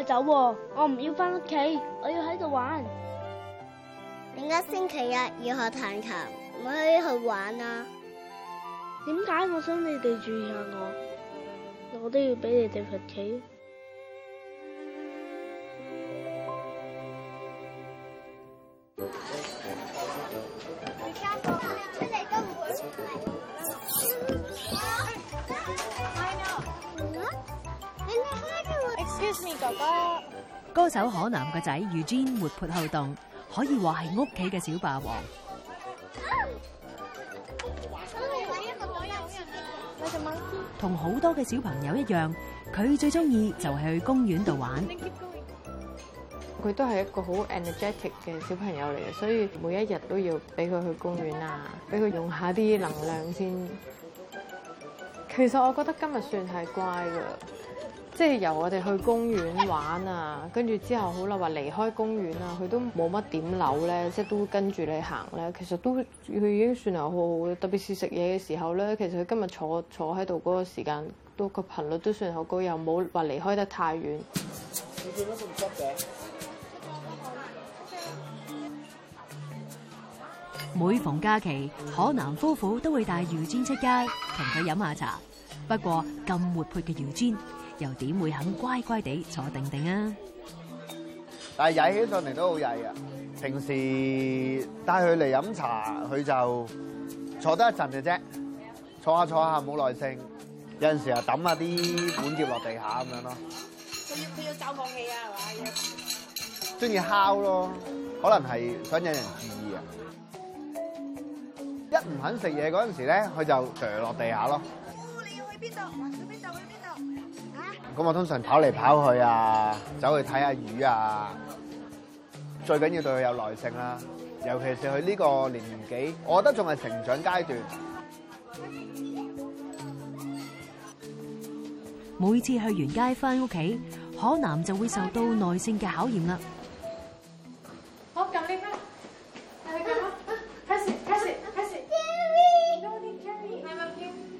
我走、啊、我唔要翻屋企，我要喺度玩。點解星期日要學彈琴，唔可以去玩啊！點解我想你哋注意一下我？我都要畀你哋罰企。Me, 哥哥歌手可嵐嘅仔 Eugene 活潑好動，可以話係屋企嘅小霸王。同好多嘅小朋友一樣，佢最中意就係去公園度玩。佢都係一個好 energetic 嘅小朋友嚟嘅，所以每一日都要俾佢去公園啊，俾佢用一下啲能量先。其實我覺得今日算係乖噶。即係由我哋去公園玩啊，跟住之後好啦，話離開公園啊，佢都冇乜點扭咧，即係都跟住你行咧。其實都佢已經算係好好嘅，特別是食嘢嘅時候咧。其實佢今日坐坐喺度嗰個時間，都個頻率都算好高，又冇話離開得太遠。每逢假期，可嵐夫婦都會帶 Eugene 出街同佢飲下茶。不過咁活潑嘅 Eugene，又點會肯乖乖地坐定定啊？但係曳起上嚟都好曳啊！平時帶佢嚟飲茶，佢就坐得一陣嘅啫，坐下坐下冇耐性，有陣時又抌下啲碗碟落地下咁樣咯。佢要佢要收個氣啊，係嘛？中意敲咯，可能係想引人注意啊！一唔肯食嘢嗰陣時咧，佢就啄落地下咯。你要去邊度？想去邊度？咁我通常跑嚟跑去啊，走去睇下魚啊，最緊要對佢有耐性啦。尤其是佢呢個年紀，我覺得仲係成長階段。每次去完街翻屋企，可嵐就會受到耐性嘅考驗啦。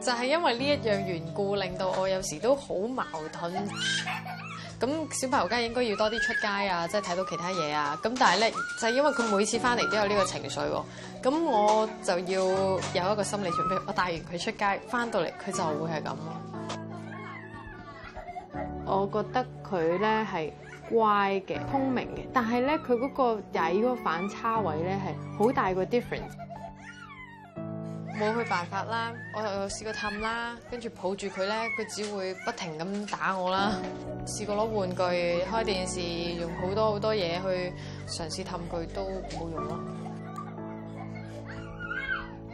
就係因為呢一樣緣故，令到我有時都好矛盾。咁小朋友梗係應該要多啲出街啊，即係睇到其他嘢啊。咁但係咧，就係因為佢每次翻嚟都有呢個情緒喎。咁我就要有一個心理準備，我帶完佢出街，翻到嚟佢就會係咁咯。我覺得佢咧係乖嘅、聰明嘅，但係咧佢嗰個仔嗰反差位咧係好大個 difference。冇咩辦法啦，我又試過氹啦，跟住抱住佢咧，佢只會不停咁打我啦。試過攞玩具、開電視，用好多好多嘢去嘗試氹佢，都冇用咯。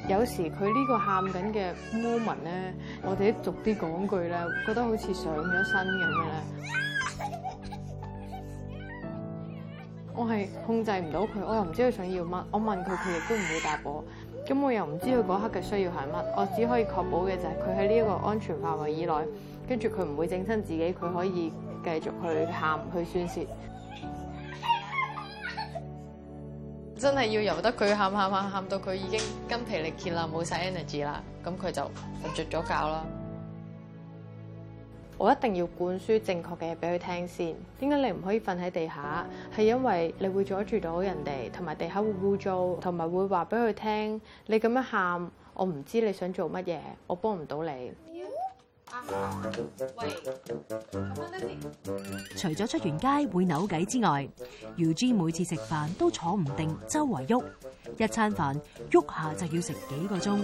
有時佢呢個喊緊嘅 moment 咧，我哋都逐啲講句咧，覺得好似上咗身咁咧。我係控制唔到佢，我又唔知佢想要乜，我問佢，佢亦都唔會答我。咁我又唔知佢嗰刻嘅需要係乜，我只可以確保嘅就係佢喺呢一個安全範圍以內，跟住佢唔會整親自己，佢可以繼續去喊去宣泄。真係要由得佢喊喊喊喊到佢已經筋疲力竭啦，冇晒 energy 啦，咁佢就瞓着咗覺啦。我一定要灌輸正確嘅嘢俾佢聽先。點解你唔可以瞓喺地下？係因為你會阻住到人哋，同埋地下會污糟，同埋會話俾佢聽。你咁樣喊，我唔知你想做乜嘢，我幫唔到你。喂，除咗出完街會扭計之外，Eugene 每次食飯都坐唔定，周圍喐，一餐飯喐下就要食幾個鐘。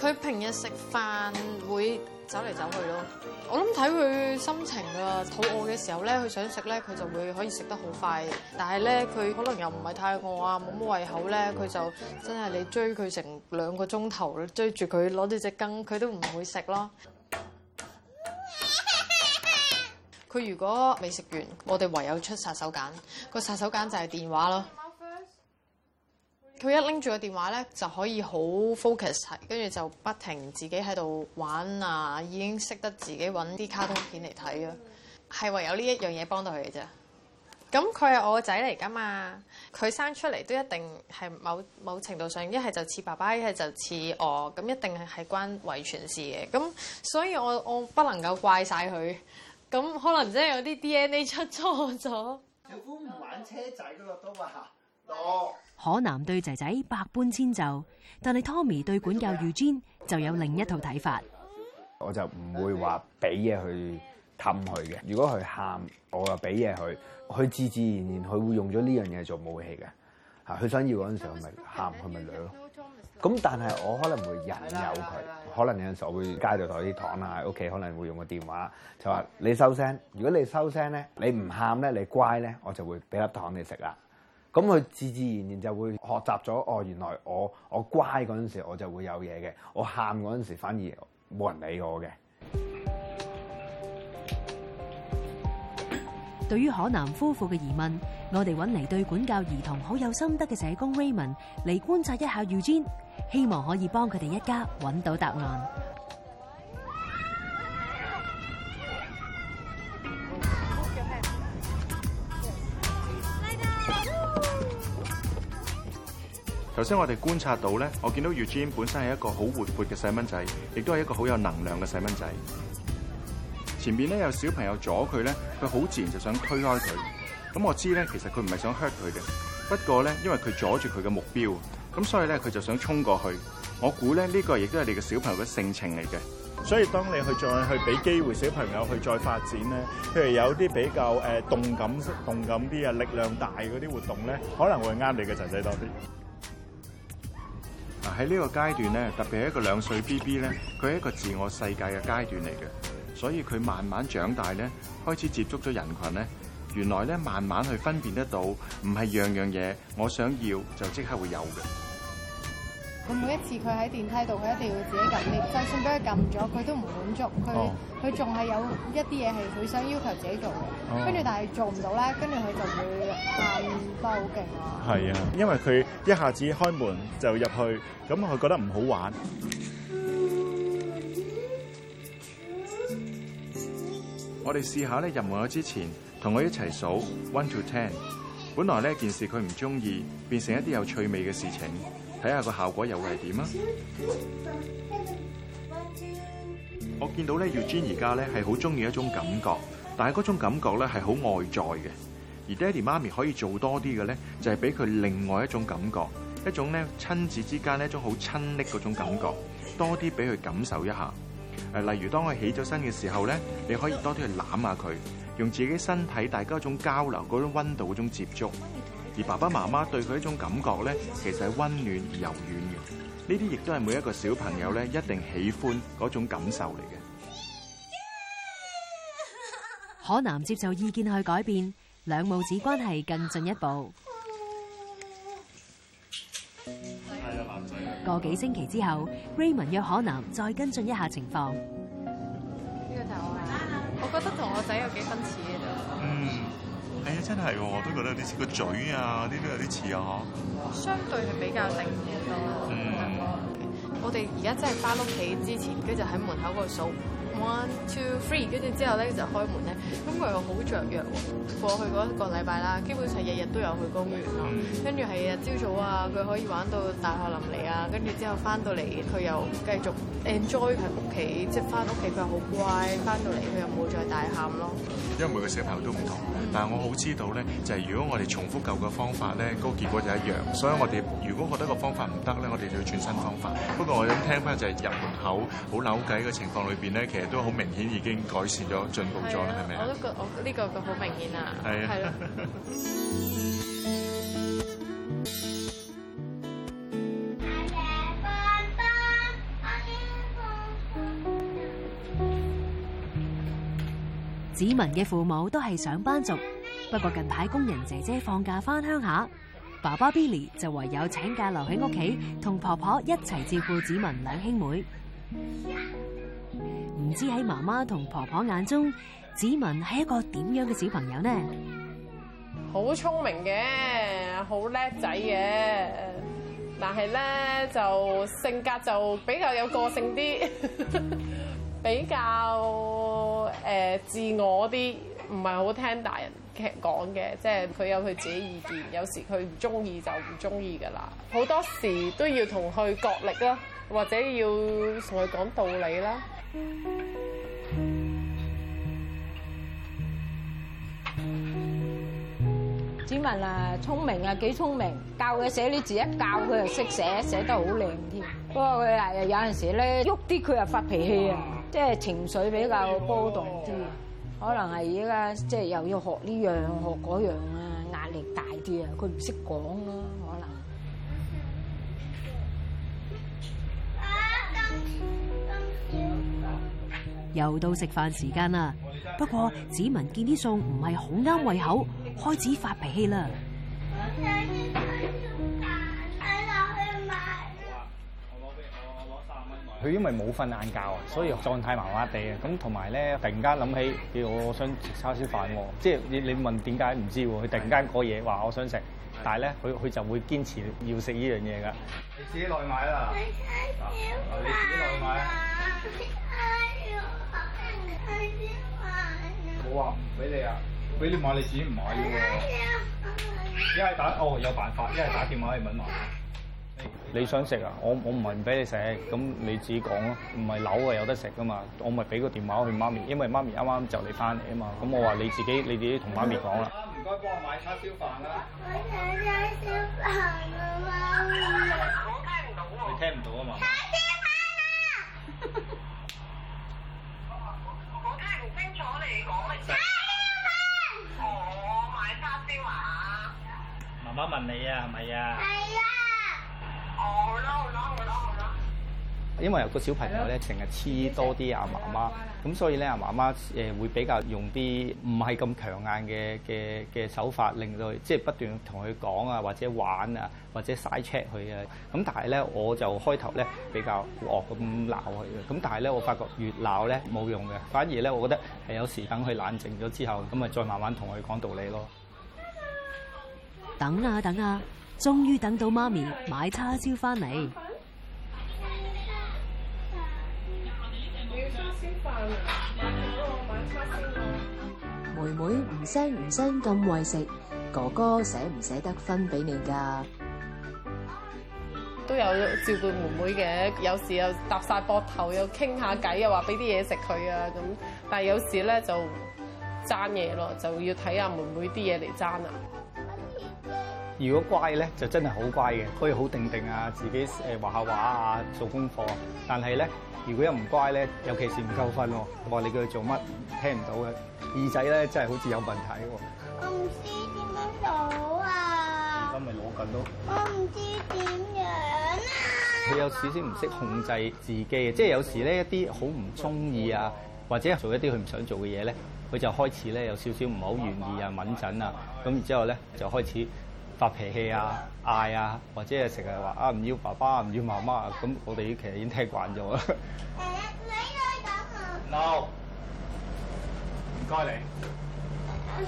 佢平日食飯會走嚟走去咯，我諗睇佢心情啊。肚餓嘅時候咧，佢想食咧，佢就會可以食得好快。但係咧，佢可能又唔係太餓啊，冇乜胃口咧，佢就真係你追佢成兩個鐘頭，追住佢攞住隻羹，佢都唔會食咯。佢 如果未食完，我哋唯有出殺手鐧，個殺手鐧就係電話咯。佢一拎住個電話咧，就可以好 focus 跟住就不停自己喺度玩啊，已經識得自己揾啲卡通片嚟睇啊。係唯有呢一樣嘢幫到佢嘅啫。咁佢係我個仔嚟噶嘛？佢生出嚟都一定係某某程度上，一係就似爸爸，一係就似我，咁一定係係關遺傳事嘅。咁所以我我不能夠怪晒佢。咁可能真係有啲 DNA 出錯咗。如果唔玩車仔嗰個都話。可嵐對仔仔百般遷就，但係 Tommy 對管教 Eugene 就有另一套睇法。我不。我就唔會話俾嘢去氹佢嘅，如果佢喊，我就俾嘢佢。佢自自然然，佢會用咗呢樣嘢做武器嘅吓。佢想要嗰陣時候，咪喊佢咪女咯。咁但係我可能會引誘佢，可能有陣時候我會加在台啲糖啦，喺屋企可能會用個電話就話你收聲。如果你收聲咧，你唔喊咧，你乖咧，我就會俾粒糖你食啦。咁佢自自然然就會學習咗哦，原來我我乖嗰陣時我就會有嘢嘅，我喊嗰陣時反而冇人理我嘅。對於可嵐夫婦嘅疑問，我哋揾嚟對管教兒童好有心得嘅社工 Raymond 嚟觀察一下 Eugene，希望可以幫佢哋一家揾到答案。頭先我哋觀察到咧，我見到 Eugene 本身係一個好活潑嘅細蚊仔，亦都係一個好有能量嘅細蚊仔。前邊咧有小朋友阻佢咧，佢好自然就想推開佢。咁我知咧，其實佢唔係想 hurt 佢嘅，不過咧，因為佢阻住佢嘅目標，咁所以咧佢就想衝過去。我估咧呢個亦都係你嘅小朋友嘅性情嚟嘅。所以當你去再去俾機會小朋友去再發展咧，譬如有啲比較誒動感、動感啲啊、力量大嗰啲活動咧，可能會啱你嘅仔仔多啲。喺呢個階段咧，特別係一個兩歲 BB 咧，佢係一個自我世界嘅階段嚟嘅，所以佢慢慢長大咧，開始接觸咗人群咧，原來咧慢慢去分辨得到，唔係樣樣嘢我想要就即刻會有嘅。每一次佢喺電梯度，佢一定要自己撳。你就算俾佢撳咗，佢都唔滿足。佢佢仲係有一啲嘢係佢想要求自己做嘅，跟住、哦、但係做唔到咧，跟住佢就會大爆得好勁啊！係啊，因為佢一下子開門就入去，咁佢覺得唔好玩。我哋試下咧入門口之前，同佢一齊數 one to ten。本來呢件事佢唔中意，變成一啲有趣味嘅事情。睇下個效果又會係點啊！我見到咧，Eugene 而家咧係好中意一種感覺，但係嗰種感覺咧係好外在嘅。而爹哋媽咪可以做多啲嘅咧，就係俾佢另外一種感覺，一種咧親子之間一種好親昵嗰種感覺，多啲俾佢感受一下。誒，例如當佢起咗身嘅時候咧，你可以多啲去攬下佢，用自己身體，大家一種交流嗰種溫度嗰種接觸。而爸爸媽媽對佢一種感覺咧，其實係温暖柔軟嘅。呢啲亦都係每一個小朋友咧一定喜歡嗰種感受嚟嘅。可嵐接受意見去改變，兩母子關係更進一步。係啊，男仔個幾星期之後 Raymond 約可嵐再跟進一下情況。呢個就我覺得同我仔有幾分似。真係，我都覺得啲個嘴啊，啲有啲似啊，嗬。相對係比較靈嘅。多、嗯。我哋而家真係翻屋企之前，跟住喺門口嗰度數 one two three，跟住之後咧就開門咧，咁佢又好雀躍喎。過去嗰一個禮拜啦，基本上日日都有去公園咯。跟住係日朝早啊，佢可以玩到大學林嚟啊，跟住之後翻到嚟，佢又繼續 enjoy 喺屋企，即係翻屋企佢好乖，翻到嚟佢又冇再大喊咯。因為每個小朋友都唔同，但係我好知道咧，就係、是、如果我哋重複舊嘅方法咧，個結果就一樣。所以我哋如果覺得個方法唔得咧，我哋就要轉新方法。不過我想聽翻就係入門口好扭計嘅情況裏邊咧，其實都好明顯已經改善咗、進步咗啦，係咪啊？嗎我都覺得我呢個個好明顯啊，係、啊。 子文嘅父母都係上班族，不過近排工人姐姐放假翻鄉下，爸爸 Billy 就唯有請假留喺屋企，同婆婆一齊照顧子文兩兄妹。唔知喺媽媽同婆婆眼中，子文係一個點樣嘅小朋友呢？好聰明嘅，好叻仔嘅，但係咧就性格就比較有個性啲。 比較誒自我啲，唔係好聽大人講嘅，即係佢有佢自己意見，有時佢唔中意就唔中意噶啦。好多時都要同佢角力啦，或者要同佢講道理啦。子文啊，聰明啊，幾聰明，教佢寫呢字，你一教佢就識寫，寫得好靚添。不過佢係有陣時咧，喐啲佢又發脾氣啊。即係情緒比較波動啲，可能係而家即係又要學呢樣學嗰樣啊，壓力大啲啊，佢唔識講咯，可能。又到食飯時間啦，不過子文見啲餸唔係好啱胃口，開始發脾氣啦。佢因為冇瞓晏覺啊，所以狀態麻麻地啊。咁同埋咧，突然間諗起，叫我想食叉燒飯喎。的即係你你問點解唔知喎？佢突然間嘢話話我想食，的但係咧，佢佢就會堅持要食呢樣嘢㗎。你自己落去買啦。你自己落去買。好啊，唔俾你啊，俾你買你自己唔買喎。一係打哦，有辦法，一係打電話去問埋。你想食啊？我我唔係唔俾你食，咁你自己講咯。唔係樓啊有得食噶嘛，我咪俾個電話去媽咪，因為媽咪啱啱就嚟翻嚟啊嘛。咁我話你自己你自己同媽咪講啦。唔該幫我買叉燒飯啦。我想叉燒飯啊，媽咪。我聽唔到啊。你聽唔到啊嘛。叉燒飯啊！我聽唔清楚你講乜嘢。叉燒飯。我買叉燒啊？媽媽問你啊，係咪啊？係啊。因為有個小朋友咧，成日黐多啲阿媽媽，咁了所以咧阿媽媽誒會比較用啲唔係咁強硬嘅嘅嘅手法，令到即係、就是、不斷同佢講啊，或者玩啊，或者晒 check 佢啊。咁但係咧，我就開頭咧比較惡咁鬧佢嘅，咁但係咧我發覺越鬧咧冇用嘅，反而咧我覺得係有時等佢冷靜咗之後，咁啊再慢慢同佢講道理咯。等啊等啊！等啊終於等到媽咪買叉燒翻嚟。妹妹唔聲唔聲咁餵食，哥哥捨唔捨得分俾你噶？都有照顧妹妹嘅，有時又搭晒膊頭，又傾下偈，又話俾啲嘢食佢啊咁。但係有時咧就爭嘢咯，就要睇下妹妹啲嘢嚟爭啦。如果乖咧，就真係好乖嘅，可以好定定啊，自己誒畫下畫啊，做功課。但係咧，如果一唔乖咧，尤其是唔夠瞓喎，我話你叫佢做乜，聽唔到嘅耳仔咧，真係好似有問題喎。我唔知點樣做啊！而家咪攞緊囉。我唔知點樣啊！佢有少少唔識控制自己嘅，即係有時咧一啲好唔中意啊，或者做一啲佢唔想做嘅嘢咧，佢就開始咧有少少唔好願意啊，敏震啊，咁然之後咧就開始。發脾氣啊、嗌啊，或者係成日話啊唔要爸爸、唔要媽媽，咁我哋其實已經聽慣咗啊，no，唔該你。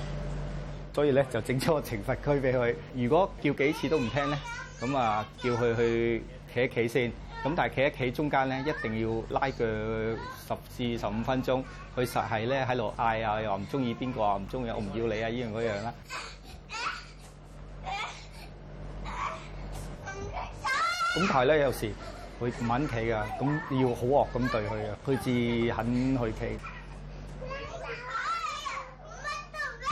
所以咧就整咗個懲罰區俾佢。如果叫幾次都唔聽咧，咁啊叫佢去企一企先。咁但係企一企中間咧，一定要拉佢十至十五分鐘。佢實係咧喺度嗌啊，又話唔中意邊個啊，唔中意我唔要你啊，呢樣嗰樣啦。咁但係咧，有時佢唔肯企噶，咁要好惡咁對佢啊，佢至肯去企。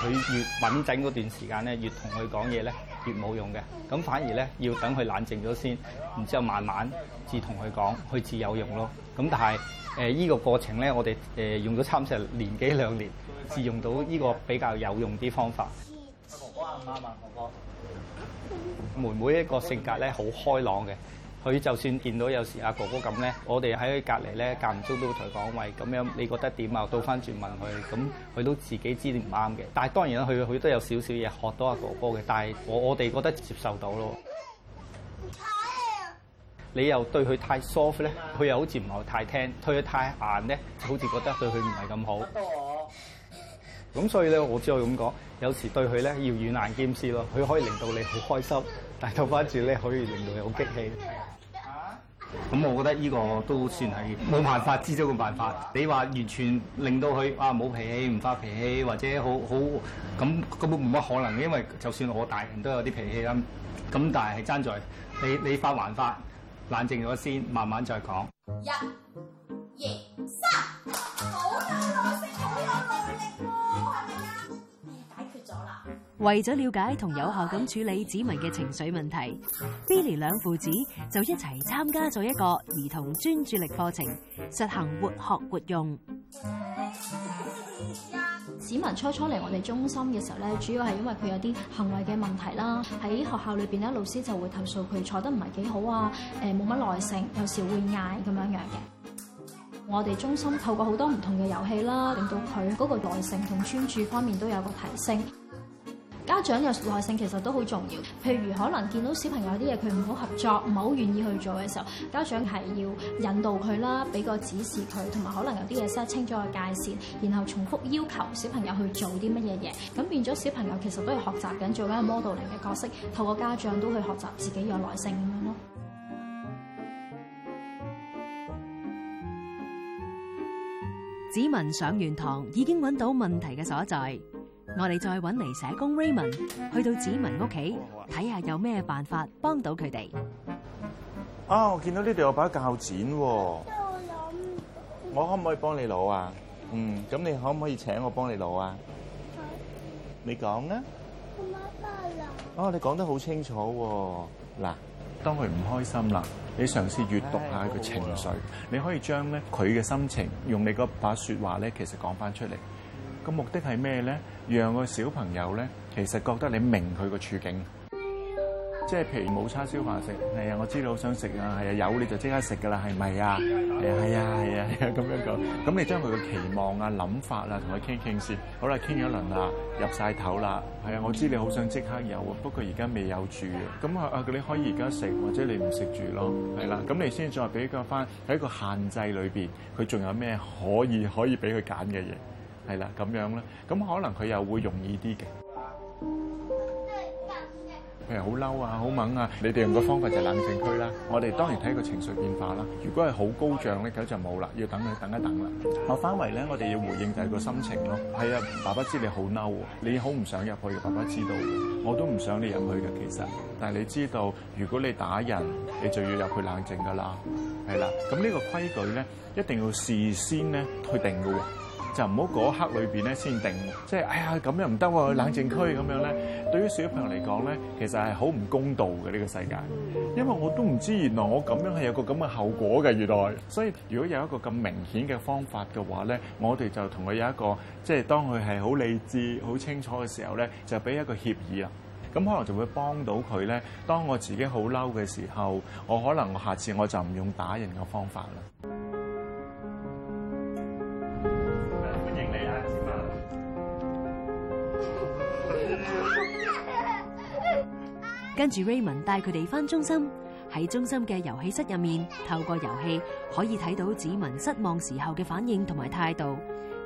佢 越穩陣嗰段時間咧，越同佢講嘢咧，越冇用嘅。咁反而咧，要等佢冷靜咗先，然之後慢慢至同佢講，佢自有用咯。咁 但係呢依個過程咧，我哋用咗差唔多年幾兩年至用到呢個比較有用啲方法。佢阿媽問我哥。 妹妹一個性格咧好開朗嘅，佢就算見到有時阿哥哥咁咧，我哋喺佢隔離咧，間唔中都會同佢講喂，咁樣你覺得點啊？倒翻轉問佢，咁佢都自己知你唔啱嘅。但當然啦，佢佢都有少少嘢學到阿哥哥嘅。但係我我哋覺得接受到咯。你又、啊、對佢太 soft 咧，佢又好似唔係太聽；推得太硬咧，好似覺得對佢唔係咁好。咁所以咧，我只可以咁講，有時對佢咧要軟硬兼施咯。佢可以令到你好開心，但係到翻住咧可以令到你好激氣。咁我覺得呢個都算係冇辦法，之中嘅辦法。你話完全令到佢啊冇脾氣，唔發脾氣，或者好好咁根本冇乜可能，因為就算我大人都有啲脾氣啦。咁但係係爭在你你發還發，冷靜咗先，慢慢再講。一、二、三，好。為咗了，了解同有效咁處理子民嘅情緒問題 ，Billy 兩父子就一齊參加咗一個兒童專注力課程，實行活學活用。子民初初嚟我哋中心嘅時候咧，主要係因為佢有啲行為嘅問題啦。喺學校裏邊咧，老師就會投訴佢坐得唔係幾好啊，誒，冇乜耐性，有時會嗌咁樣樣嘅。我哋中心透過好多唔同嘅遊戲啦，令到佢嗰個耐性同專注方面都有個提升。家長有耐性其實都好重要，譬如可能見到小朋友啲嘢佢唔好合作，唔係好願意去做嘅時候，家長係要引導佢啦，俾個指示佢，同埋可能有啲嘢 set 清楚個界線，然後重複要求小朋友去做啲乜嘢嘢，咁變咗小朋友其實都係學習緊，做緊 modeling 嘅角色，透過家長都去學習自己有耐性咁樣咯。子文上完堂已經揾到問題嘅所在。我哋再搵嚟社工 Raymond 去到子文屋企睇下有咩辦法幫到佢哋。啊、哦，我見到呢度有把鉸剪喎。我諗，我，想我可唔可以幫你攞啊？嗯，咁你可唔可以請我幫你攞啊？嗯、你講啊，我媽媽哦，你講得好清楚。嗱，當佢唔開心啦，你嘗試閱讀一下佢唉情緒，啊、你可以將咧佢嘅心情用你嗰把說話咧，其實講翻出嚟。個目的係咩咧？讓個小朋友咧，其實覺得你明佢個處境，即係譬如冇叉燒飯食，係啊，我知道好想食啊，係啊，有你就即刻食噶啦，係咪啊？係啊，係啊，係啊，咁樣講。咁你將佢個期望啊、諗法啊，同佢傾傾先。好啦，傾咗一輪啦，入晒頭啦。係啊，我知你好想即刻有啊，不過而家未有住啊。咁啊啊，你可以而家食，或者你唔食住咯，係啦。咁你先再俾佢翻喺個限制裏邊，佢仲有咩可以可以俾佢揀嘅嘢？係啦，咁樣咧，咁可能佢又會容易啲嘅。譬 如好嬲啊，好猛啊！你哋用個方法就係冷靜區啦。我哋當然睇個情緒變化啦。如果係好高漲咧，咁就冇啦，要等佢等一等啦。我翻嚟咧，我哋要回應就係個心情咯。係啊，爸爸知你好嬲，你好唔想入去。爸爸知道，我都唔想你入去嘅。其實，但係你知道，如果你打人，你就要入去冷靜噶啦。係啦，咁呢個規矩咧，一定要事先咧去定嘅喎。就唔好嗰刻裏邊咧先定，即係哎呀咁又唔得喎，冷靜區咁樣咧。對於小朋友嚟講咧，其實係好唔公道嘅呢個世界，因為我都唔知原來我咁樣係有個咁嘅後果嘅。原來，所以如果有一個咁明顯嘅方法嘅話咧，我哋就同佢有一個，即係當佢係好理智、好清楚嘅時候咧，就俾一個協議啦。咁可能就會幫到佢咧。當我自己好嬲嘅時候，我可能我下次我就唔用打人嘅方法啦。跟住 Raymond 帶佢哋返中心，喺中心嘅遊戲室入面，透過遊戲可以睇到子女失望時候嘅反應同埋態度，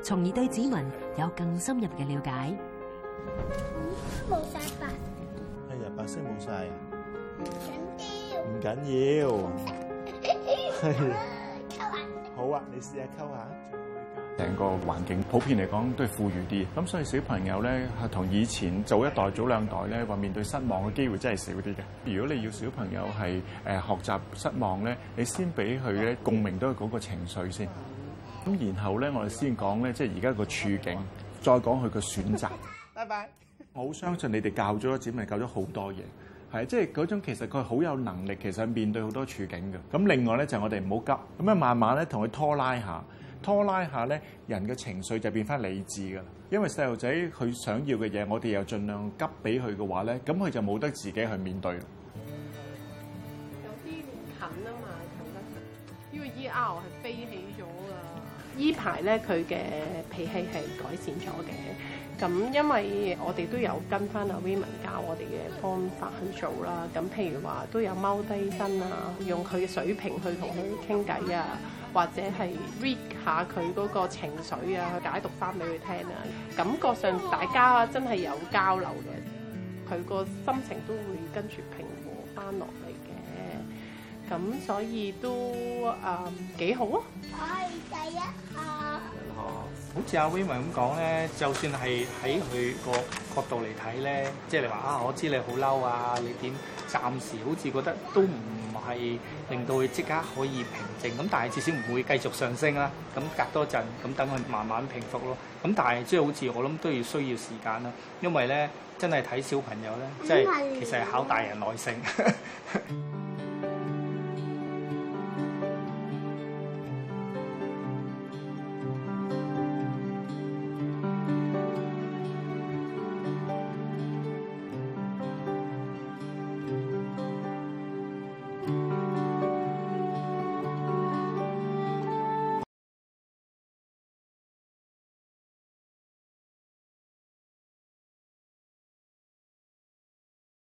從而對子女有更深入嘅了解。好啦，冇晒白。係啊，白色冇晒啊。唔緊要，唔緊要。係。好啊，你試下溝下。成個環境普遍嚟講都係富裕啲，咁所以小朋友咧係同以前早一代、早兩代咧話面對失望嘅機會真係少啲嘅。如果你要小朋友係誒、呃、學習失望咧，你先俾佢咧共鳴到嗰個情緒先，咁然後咧我哋先講咧，即係而家個處境，再講佢個選擇。拜拜，我好相信你哋教咗，只咪教咗好多嘢係，即係嗰種其實佢好有能力，其實面對好多處境嘅。咁另外咧就係、我哋唔好急，咁啊慢慢咧同佢拖拉一下。拖拉下咧，人嘅情緒就變翻理智噶。因為細路仔佢想要嘅嘢，我哋又盡量急俾佢嘅話咧，咁佢就冇得自己去面對了。有啲近啊嘛，近得，因為 ER 係飛起咗噶。依排咧佢嘅脾氣係改善咗嘅。咁因為我哋都有跟翻阿 Weiman 教我哋嘅方法去做啦。咁譬如話都有踎低身啊，用佢嘅水平去同佢傾偈啊。或者係 read 下佢嗰個情緒啊，去解讀翻俾佢聽啊，感覺上大家真係有交流嘅，佢個心情都會跟住平和翻落嚟嘅，咁所以都啊幾、嗯、好啊。我係第一下。好似阿 Wayman 咁講咧，就算係喺佢個角度嚟睇咧，即係你話啊，我知你好嬲啊，你點？暫時好似覺得都唔。係令到佢即刻可以平靜，咁但係至少唔會繼續上升啦。咁隔多陣，咁等佢慢慢平復咯。咁但係即係好似我諗都要需要時間啦，因為咧真係睇小朋友咧，即係、嗯、其實係考大人耐性。的